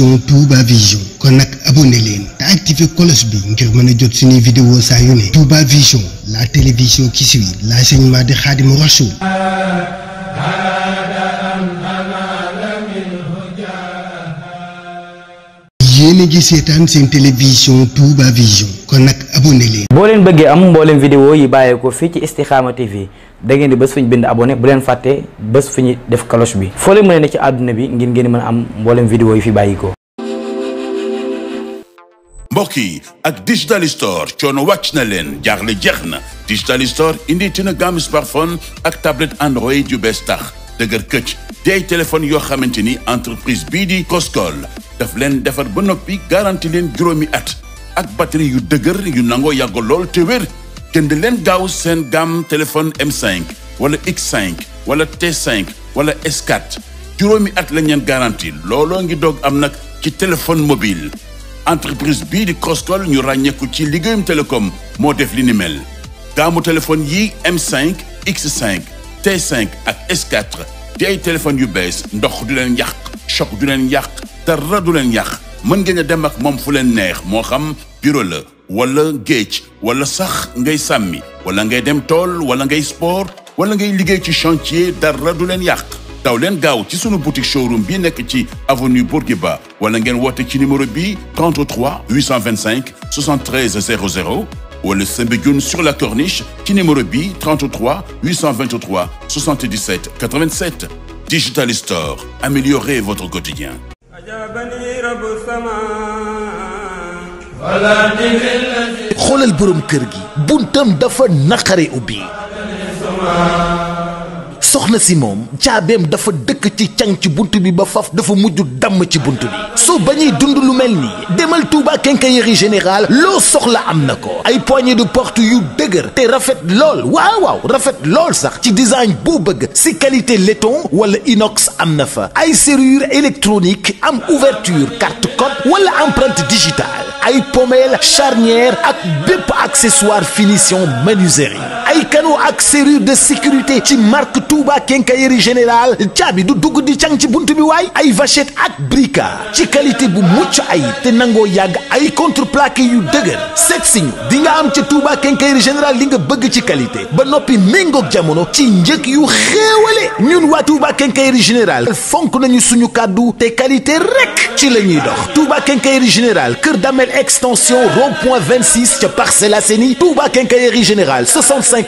émission Vision kon nag abonné te activé cloche bi ngir mën a jot suñuy vidéo saa yu ne Touba Vision la télévision qui suit a ngi seetaan seen télévision Touba Vision kon nag bëggee am mbooleem vidéo yi bàyyeekoo fii ci Istikhama TV da ngeen di bés fu ñu bind abonné bu leen fàttee bés fu ñu def cloche bi foo leen mën ne ci àdduna bi ngir ngeen mën a am mboolem vidéo yi fi bàyyikoo mbokk yi ak digital store coono wàcc na leen jaaxle jeex na digital store indi tina gamme smartphone ak tablette android yu bees tax dëgër këcc day téléphone yoo xamante ni entreprise bii di Crosscall daf leen defar ba noppi garanti leen juróomi at ak batterie yu dëgër yu nangoo yàgg lool te wér jënd leen gaaw seen gamme téléphone M5 wala X5 wala T5 wala s juróomi at lañ leen garantie looloo ngi doog am nag ci téléphone mobile entreprise bii di Crosscall ñu ràññeeku ci liggéeyum télécom moo def li ni mel gaamu téléphone yi M5 X5 t ak S4 di ay téléphones yu bees ndox du leen yàq choc du leen yàq dara du leen yàq mën ngeen a dem ak moom fu leen neex moo xam bureau la wala géej wala sax ngay sàmmi wala ngay dem tool wala ngay sport wala ngay liggéey ci chantier dara du leen yàq daw leen gaaw ci sunu boutique showroom bi nekk ci avenue Bourguiba wala ngeen woote ci numéro bi 33 825 73 00 wala Soumbédioune sur la corniche ci numéro bi 33 823 77 87 digital store améliorez votre quotidien xoolal borom kër gi buntam dafa naqare ubbi soxna si moom caabeem dafa dëkk ci cang ci bunt bi ba faf dafa mujj damm ci bunt bi soo bañuy dund lu mel nii demal Touba Quincaillerie général loo soxla am na ko ay poignée de porte yu dëgër te rafet lool waaw waaw rafet lool sax ci design boo bëgg si qualité laiton wala inox am na fa ay serrure électronique am ouverture carte code wala empreinte digitale ay pommelle charnière ak bépp accessoire finition menuiserie ay kanu ak serrure de sécurité ci marque Touba Quincaillerie Générale caabi du dugg di can ci buntu bi waay ay vachette ak brica ci qualité bu mucc ay te nangoo yàgg ay contreplaqué yu dëgër seet si ñu di nga am ca Touba Quincaillerie général li nga bëgg ci qualité ba noppi méngoog jamono ci njëg yu xéewale ñun waa Touba Quincaillerie général fonk nañu suñu kàddu te qualité rek ci la ñuy dox Touba Quincaillerie général Kër Damel extension rond point 26 ca Parcelles Assainies Touba Quincaillerie Générale 65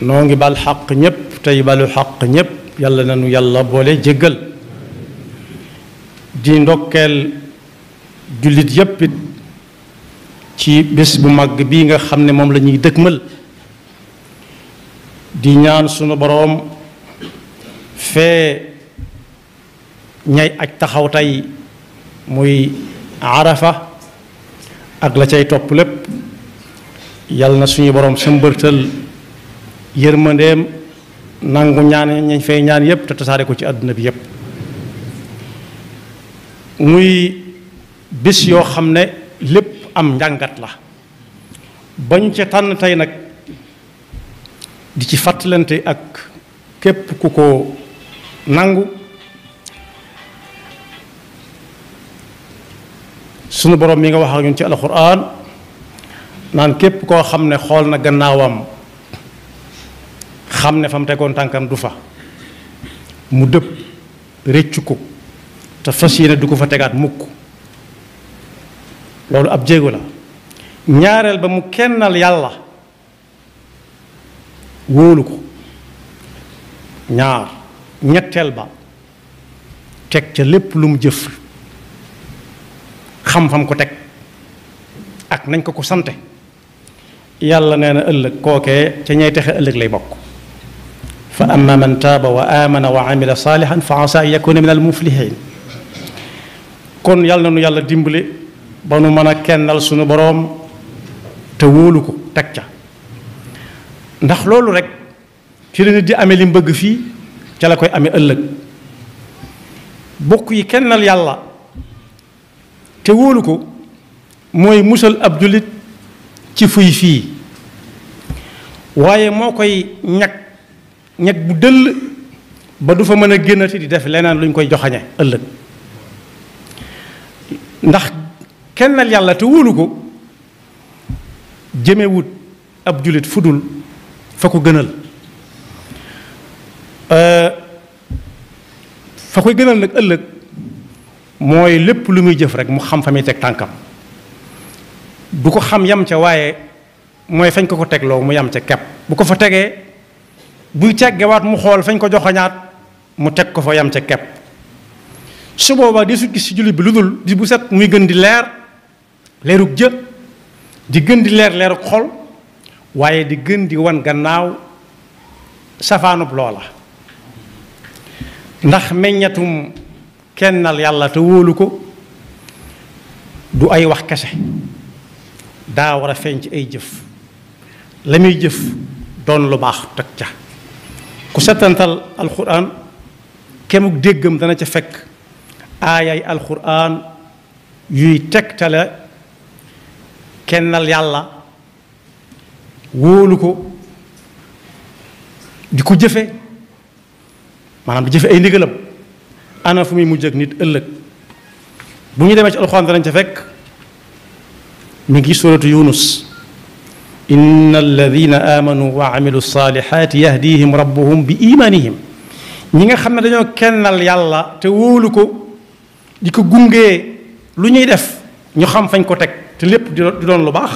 noo ngi bal xaq ñépp tey balu xaq ñépp yàlla na nu yàlla boole jéggal di ndokkeel jullit yépp ci bés bu màgg bii nga xam ne moom la ñuy dëkkmal di ñaan sunu boroom fee ñay ak taxaw tey muy arafa ak la cay topp lépp yàlla na suñu boroom sëmbërtal yërmandeem nangu ñaan ñañ fay ñaan yépp te tasaare ko ci àdduna bi yépp muy bis yoo xam ne lépp am njàngat la bañ ca tànn tey nag di ci fàttalante ak képp ku ko nangu sunu borom mi nga wax ak ñun ci naan képp koo xam ne xool na gannaawam xam ne fa mu tegoon tànkam du fa mu dëpp rëccu ko te fas yéene du ko fa tegaat mukk loolu ab jéego la ñaareel ba mu kennal yàlla wóolu ko ñaar ñetteel ba teg ca lépp lu mu jëf xam fam ko teg ak nañ ko ko sante yàlla nee na ëllëg kookee ca ñay texe ëllëg lay bokk fa amma man taaba wa amana wa amila saalihan fa asa an yakuna min al muflihin kon yàlla na nu yàlla dimbale ba nu mën a kennal suñu boroom te wóolu ko teg ca ndax loolu rek ci la di amee li mu bëgg fii ca la koy amee ëllëg bokk yi kennal yàlla te wóolu ko mooy musal ab jullit ci fuy fii waaye moo koy ñag ñeg bu dëll ba du fa mën a génnati di def leneen luñ koy joxañe ëllëg ndax kennal yàlla te wóolu ko jëmewut ab julit fu dul fa ko gënal euh, fa koy gënal nag ëllëg mooy lépp lu muy jëf rek mu xam fa muy teg tànkam du ko xam yam ca waaye mooy fañ ko ko tegloo mu yam ca kepp bu ko fa tegee buy teggewaat mu xool fañ ko joxoñaat mu teg ko fa yam ca kepp su boobaa di su ci jullit bi lu dul bis bu set muy gën di leer leerug jë di gën di leer leerug xol waaye di gën di wan gannaaw safaanub loola ndax meññatum kennal yàlla te wóolu ko du ay wax kese daa war a feeñ ci ay jëf la muy jëf doon lu baax teg ca ku settantal alquran kemuk déggam dana ca fekk aayay alquran yuy tegtale kennal yàlla wóolu ko di ko jëfe maanaam di jëfe ay ndigalam ana fu muy mujj ak nit ëllëg bu ñu demee ci alxuraan danañ ca fekk mu ngi suratu yunus inna alladina amanu wa amilu salihat yahdihim rabbuhum bi imanihim ñi nga xam ne dañoo kennal yàlla te wóolu ko di ko gungee lu ñuy def ñu xam fañ ko teg te lépp di doon lu baax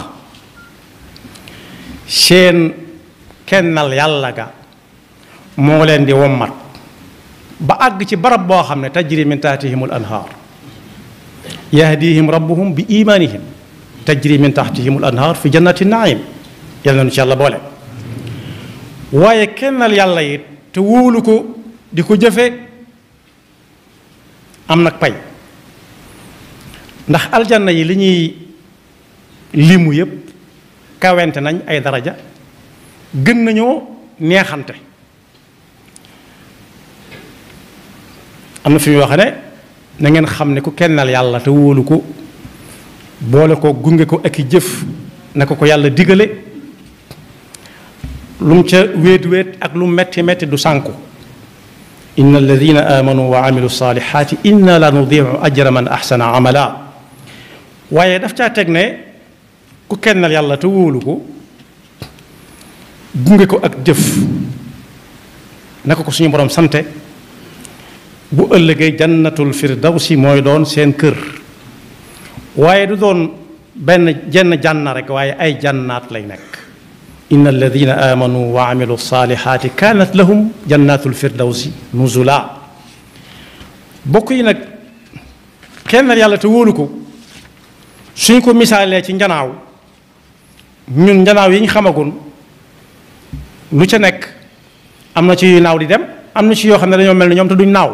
seen kennal yàlla ga moo leen di wommat ba àgg ci barab boo xam ne tajri min tahtihim al anhaar yahdihim rabbuhum bi imanihim tajri min tahtihim al anhaar fi jannati naim yal na nu ci yàlla boole waaye kennal yàlla it te wóolu ko di ko jëfe am nag pay ndax aljana yi li ñuy limu yépp kawente nañ ay daraja gën nañoo neexante am na fi muy wax ne na ngeen xam ne ku kennal yàlla te wóolu ko boole ko gunge ko ak i jëf na ko ko yàlla digale lu mu ca wéet wéet ak lu metti metti du sànku inna alladina amanu wa amilu salihaati inna la man ahsana amala waaye daf caa teg ne ku kennal yàlla te wóolu ko gunge ko ak jëf nekk ko suñu borom sante bu ëllëgee jannatul firdawsi mooy doon seen kër waaye du doon benn jenn jànna rek waaye ay jànnaat lay nekk inna alladina amanu wa amilu saalihaati kaanat lahum jannaatul firdawsi nuzula bokk yi nag kennal yàlla ko suñ ko misaalee ci njanaaw ñun njanaaw yi ñu lu ca nekk am na ci yuy di dem am na ci yoo xam ne dañoo mel ne ñoom duñ naaw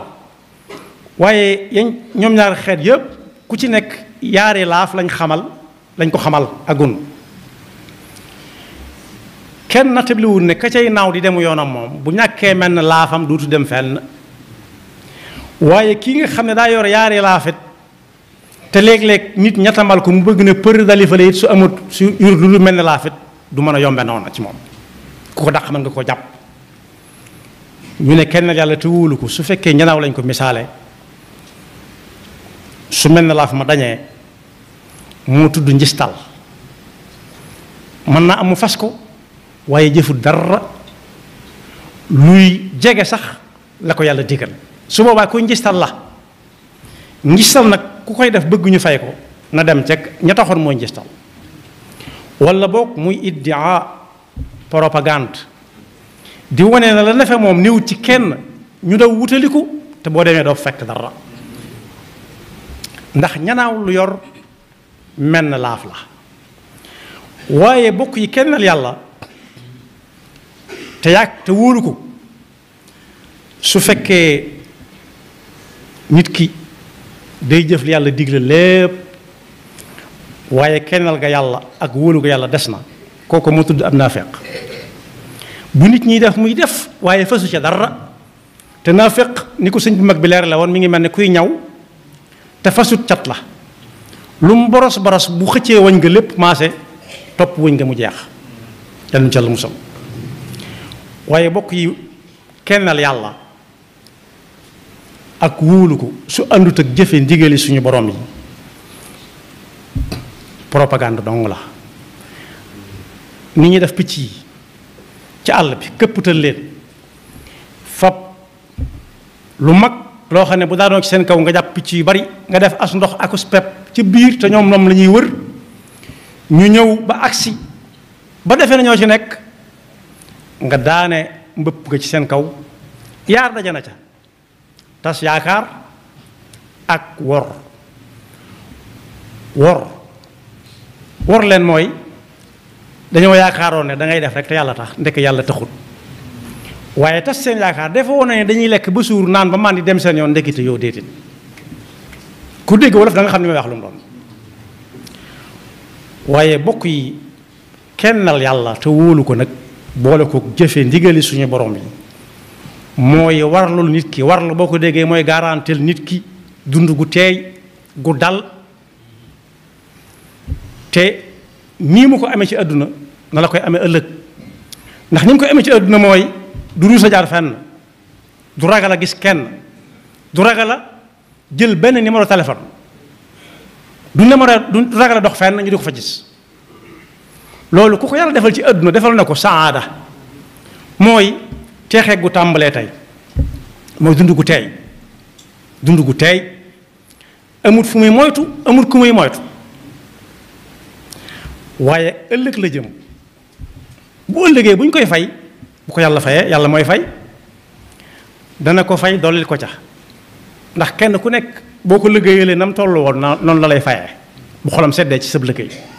waaye yañ ñoom ñaar xeet yëpp ku ci nekk yaare laaf lañ xamal lañ ko xamal agun kenn nattabliwul ne ka naaw di demu yoonam moom bu ñàkkee mel ne laafam duutu dem fenn waaye kii nga xam ne daa yor yaari laafit te léeg-léeg nit ñettamal ko mu bëgg na për dalifale it su amut su ur lu mel ne laafit du mën a yombe noona ci moom ku ko dàq mën nga koo jàpp ñu ne kenn yàlla te wóolu ko su fekkee ñanaaw lañ ko misaale su mel ne laaf ma dañee moo tudd njistal mën naa am mu fas ko waaye jëfu dara luy jege sax la ko yàlla digal su boobaa kuy njistal la njistal nag ku koy def bëgguñu ñu fay ko na dem cek ña mooy njistal walla boog muy iddia propagande di wane na la nefe moom néew ci kenn ñu daw wutaliku te boo demee doo fekk dara ndax ñanaaw lu yor menn laaf la waaye bokk yi kennal yàlla te yàgg te wóolu ko su fekkee nit ki day jëf li yàlla digle lépp waaye kennal ga yàlla ak wóolu ga yàlla des na kooku moo tudd ab naafeq bu nit ñiy def muy def waaye fasu ca dara te naafeq ni ko sëñ bu mag bi leer la woon mi ngi mel ni kuy ñaw te fasut cat la lu mu boros boros bu xëccee wañ ga lépp maase topp wañ nga mu jeex danuñ ca mu musal waaye bokk yi kennal yàlla ak wóolu ko su àndut ak jëfe ndigali suñu borom yi propagande dong la ni ñuy def picc yi ci àll bi këpputal leen fab lu mag loo xam ne bu daanoo ci seen kaw nga jàpp picc yu bari nga def as ndox akus pep ci biir te ñoom ñoom la ñuy wër ñu ñëw ba agsi ba defee nañoo ci nekk nga daane mbëpp nga ci seen kaw yaar daje na ca tas yaakaar ak wor wor wor leen mooy dañoo yaakaaroon ne da ngay def rek te yàlla tax ndekk yàlla taxut waaye tas seen yaakaar dafa woon ne dañuy lekk ba suur naan ba man dem seen yoon ndekkite yow déedéet ku dégg wolof da xam ne may wax lu doon waaye bokk yi kennal yàlla te wóolu ko nag boole ko jëfe ndigali suñu borom yi mooy warlul nit ki warlu boo ko déggee mooy garanteel nit ki dund gu teey gu dal te nii mu ko amee ci àdduna na la koy amee ëllëg ndax ni mu koy amee ci àdduna mooy du ruus a jaar fenn du ragal a gis kenn du ragal a jël benn numéro téléphone du numéro du ragal a dox fenn ñu di ko fa gis loolu ku ko yàlla defal ci àdduna defal na ko saada mooy teexee gu tàmbalee tey mooy dund gu teey dund gu teey amut fu muy moytu amut ku muy moytu waaye ëllëg la jëm bu ëllëgee bu ñu koy fay bu ko yàlla fayee yàlla mooy fay dana ko fay dollil ko ca ndax kenn ku nekk boo ko liggéeyalee nam tollu woon noonu la lay fayee bu xolam seddee ci sab liggéey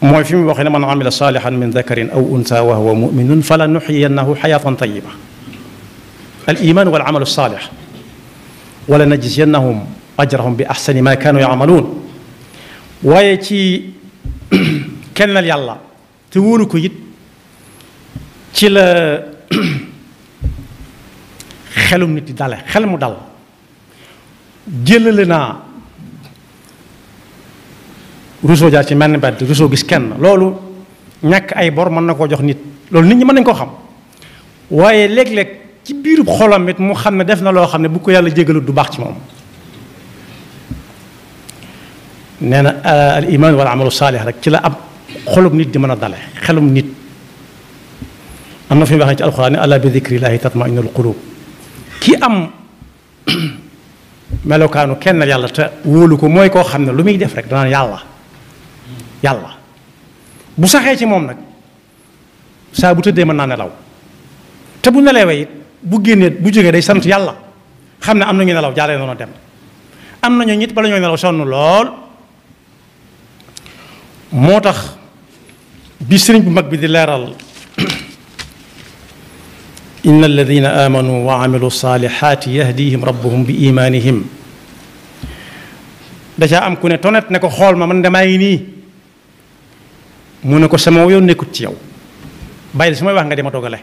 mooy fi mu waxee ne man amila saalihan min dakarin aw unsa wa huwa muminun fala nuxyiyannahu xayaatan tayiba al iman wal amalu saalix wala najziyannahum ajrahum bi axsani ma kaanu yacmaluun waaye ci kennal yàlla te wóolu ko it ci la xelum nit di dale xel mu dal jëlale naa rusoo jaar ci menn mbedd rusoo gis kenn loolu ñàkk ay bor mën na koo jox nit loolu nit ñi mën nañ koo xam waaye léeg-léeg ci biiru xolam it mu xam ne def na loo xam ne bu ko yàlla jégalu du baax ci moom nee na euh, al iman wala amalu saalih rek ci la ab xolum nit di mën a dale xelum nit am na fi mu waxee ci alxuraan ne ala bi dikrillaahi tatma'innul am melokaanu kenn yàlla te wóolu ko mooy koo xam ne lu muy def rek danaan yàlla yàlla bu saxee ci moom nag saa bu tëddee mën naa nelaw te bu nelawee it bu génnee bu jógee day sant yàlla xam ne am nañu nelaw jaaree noonu dem am nañu ñit bala ñoo nelaw sonn lool moo tax bi sëriñ bu mag bi di leeral inna alladina amanu wa amilu saalihaati yahdihim rabbuhum bi imaanihim da caa am ku ne tonet ne ko xool ma man damaa nii mu ne ko sama yoon nekkut ci yow bàyyi su may wax nga dema toggale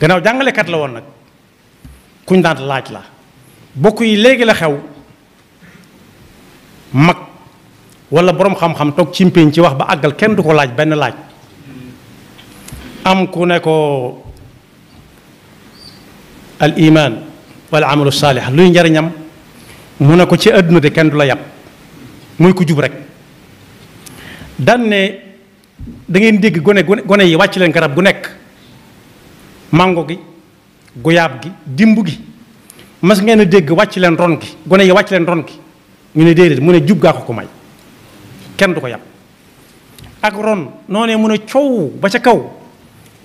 gannaaw jàngalekat la woon nag kuñ daan laaj la bokk yi léegi la xew mag walla boroom xam-xam toog cimpéñ ci wax ba àggal kenn du ko laaj benn laaj am ku ne ko al iman wal amalu saalih luy njariñam mu ne ko ci àdduna di kenn du la yàpp muy ku jub rek daan ne da ngeen dégg gone gone yi wàcc leen garab gu nekk mango gi guyaab gi dimb gi mas ngeen a dégg wàcc leen ron gi gone yi wàcc leen ron gi ñu ne déedéet mu ne jub gaa ko ko may kenn du ko yàpp ak ron noonee mu ne coow ba ca kaw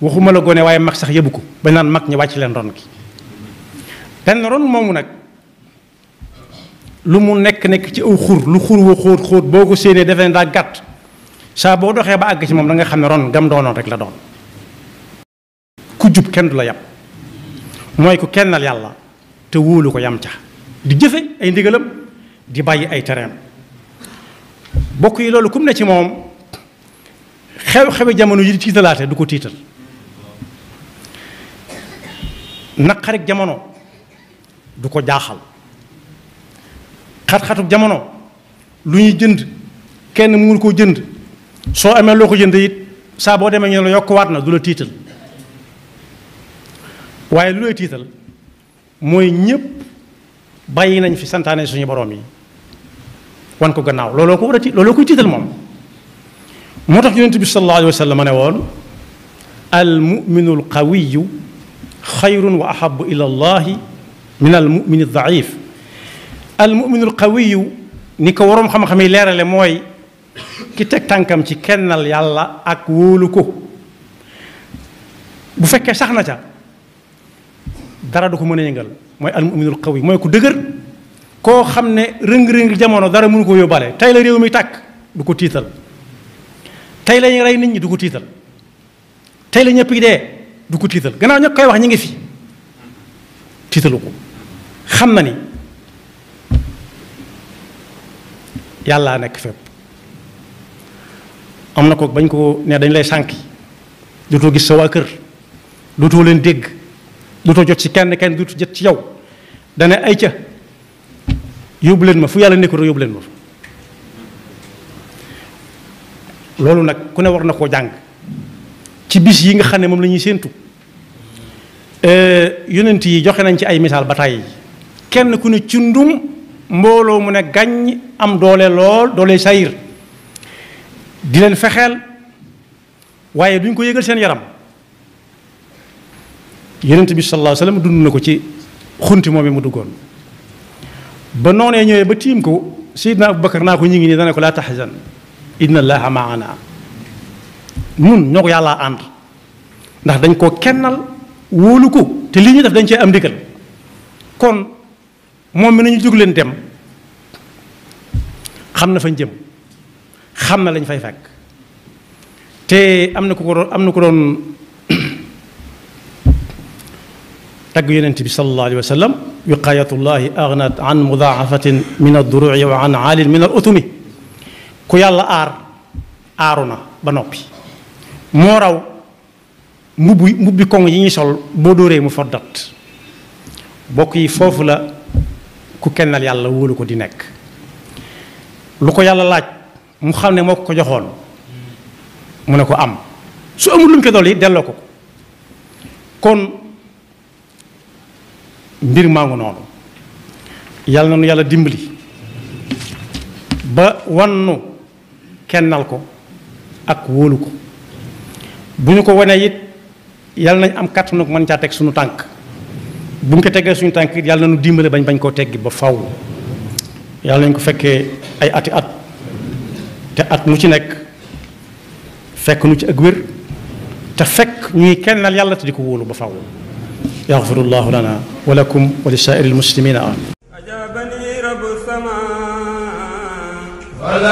waxuma la gone waaye mag sax yëbu ko ba naan mag ñi wàcc leen ron gi benn ron moomu nag lu mu nekk nekk ci aw xur lu xur wa xóot xóot boo ko séenee defee daa gàtt saa boo doxee ba àgg ci moom da nga xam ne ron gam doonoon rek la doon ku jub kenn du la yàpp mooy ko kennal yàlla te wóolu ko yam ca di jëfe ay ndigalam di bàyyi ay tereem bokk yi loolu kum ne ci moom xew-xewi jamono yi di tiitalaate du ko tiital naqarik jamono du ko jaaxal xat-xatuk jamono lu ñuy jënd kenn mënul koo jënd soo amee loo ko jënd it saa boo demee ñu yokk yokkuwaat na du la tiital waaye loo lay tiital mooy ñëpp bàyyi nañ fi santaane suñu borom yi wan ko gannaaw looloo ko war a ti looloo tiital moom moo tax yonent bi sallallahu alayhi wa sallam ne woon al muminul qawiyu xayrun wa ahabu ila allahi min al mumini daif al ni ko waroom xam-xam yi leerale mooy ki teg tànkam ci kennal yàlla ak wóolu ko bu fekkee sax na ca dara du ko mën a yëngal mooy almuminul yi mooy ku dëgër koo xam ne rëng-rëng jamono dara mënu ko yóbbaale tey la réew mi tàkk du ko tiital tey lañu rey nit ñi du ko tiital tey la ñëpp yi dee du ko tiital gannaaw ña koy wax ñu ngi fi tiitalu ko xam na ni yàllaa nekk fépp am na ko bañ koo nee dañ lay sànki dootoo gis sa waa kër dootoo leen dégg dootoo jot ci kenn kenn dootu jot ci yow dana ay ca yóbbu leen ma fu yàlla nekkul yóbbu leen ma loolu nag ku ne war na koo jàng ci bis yi nga xam ne moom lañuy ñuy séentu yonent yi joxe nañ ci ay misaal ba tàyyi kenn ku ne ci ndum mbooloo mu ne gàññ am doole lool doole sayir di leen fexeel waaye duñ ko yëgal seen yaram yonent bi sallallahu alayhi wasallam dund na ko ci xunti moom mu duggoon ba noonee ñëwee ba tiim ko Seydina Abubakar naa ko ñu ngi nii dana ko laa tahzan inna allaha maana ñun ñoo ko yàllaa ànd ndax dañ koo kennal wóolu ko te li ñuy def dañ cee am ndigal kon moom mi nañu jóg leen dem xam na fañ jëm xam na lañ fay fekk te am na ku ko doon am na ku doon tagg yonent bi sallallahu alayhi wa sallam wiqaayatullahi aghnat min adduruci wa an aalin min al ku yàlla aar aaru na ba noppi moo raw mbubbi mbubbi koŋ yi ñuy sol boo dóoree mu foddat bokk yi foofu la ku kennal yàlla wóolu ko di nekk lu ko yàlla laaj mu xam ne moo ko ko joxoon mu ne ko am su amul lu mu ko dolli delloo ko kon mbir maa noonu yàlla na nu yàlla dimbali ba wannu kennal ko ak wóolu ko bu ñu ko wanee it yàlla nañ am kàttan ak mën caa teg suñu tànk bu ñu ko teggee suñu tànk it yàlla na nu dimbali bañ bañ koo teggi ba faw yàlla nañ ko fekkee ay ati at te at mu ci nekk fekk nu ci ak wér te fekk ñuy kennal yàlla te di ko wóolu ba faaw yaxfirullahu lana wa lakum wa li saa'iril muslimina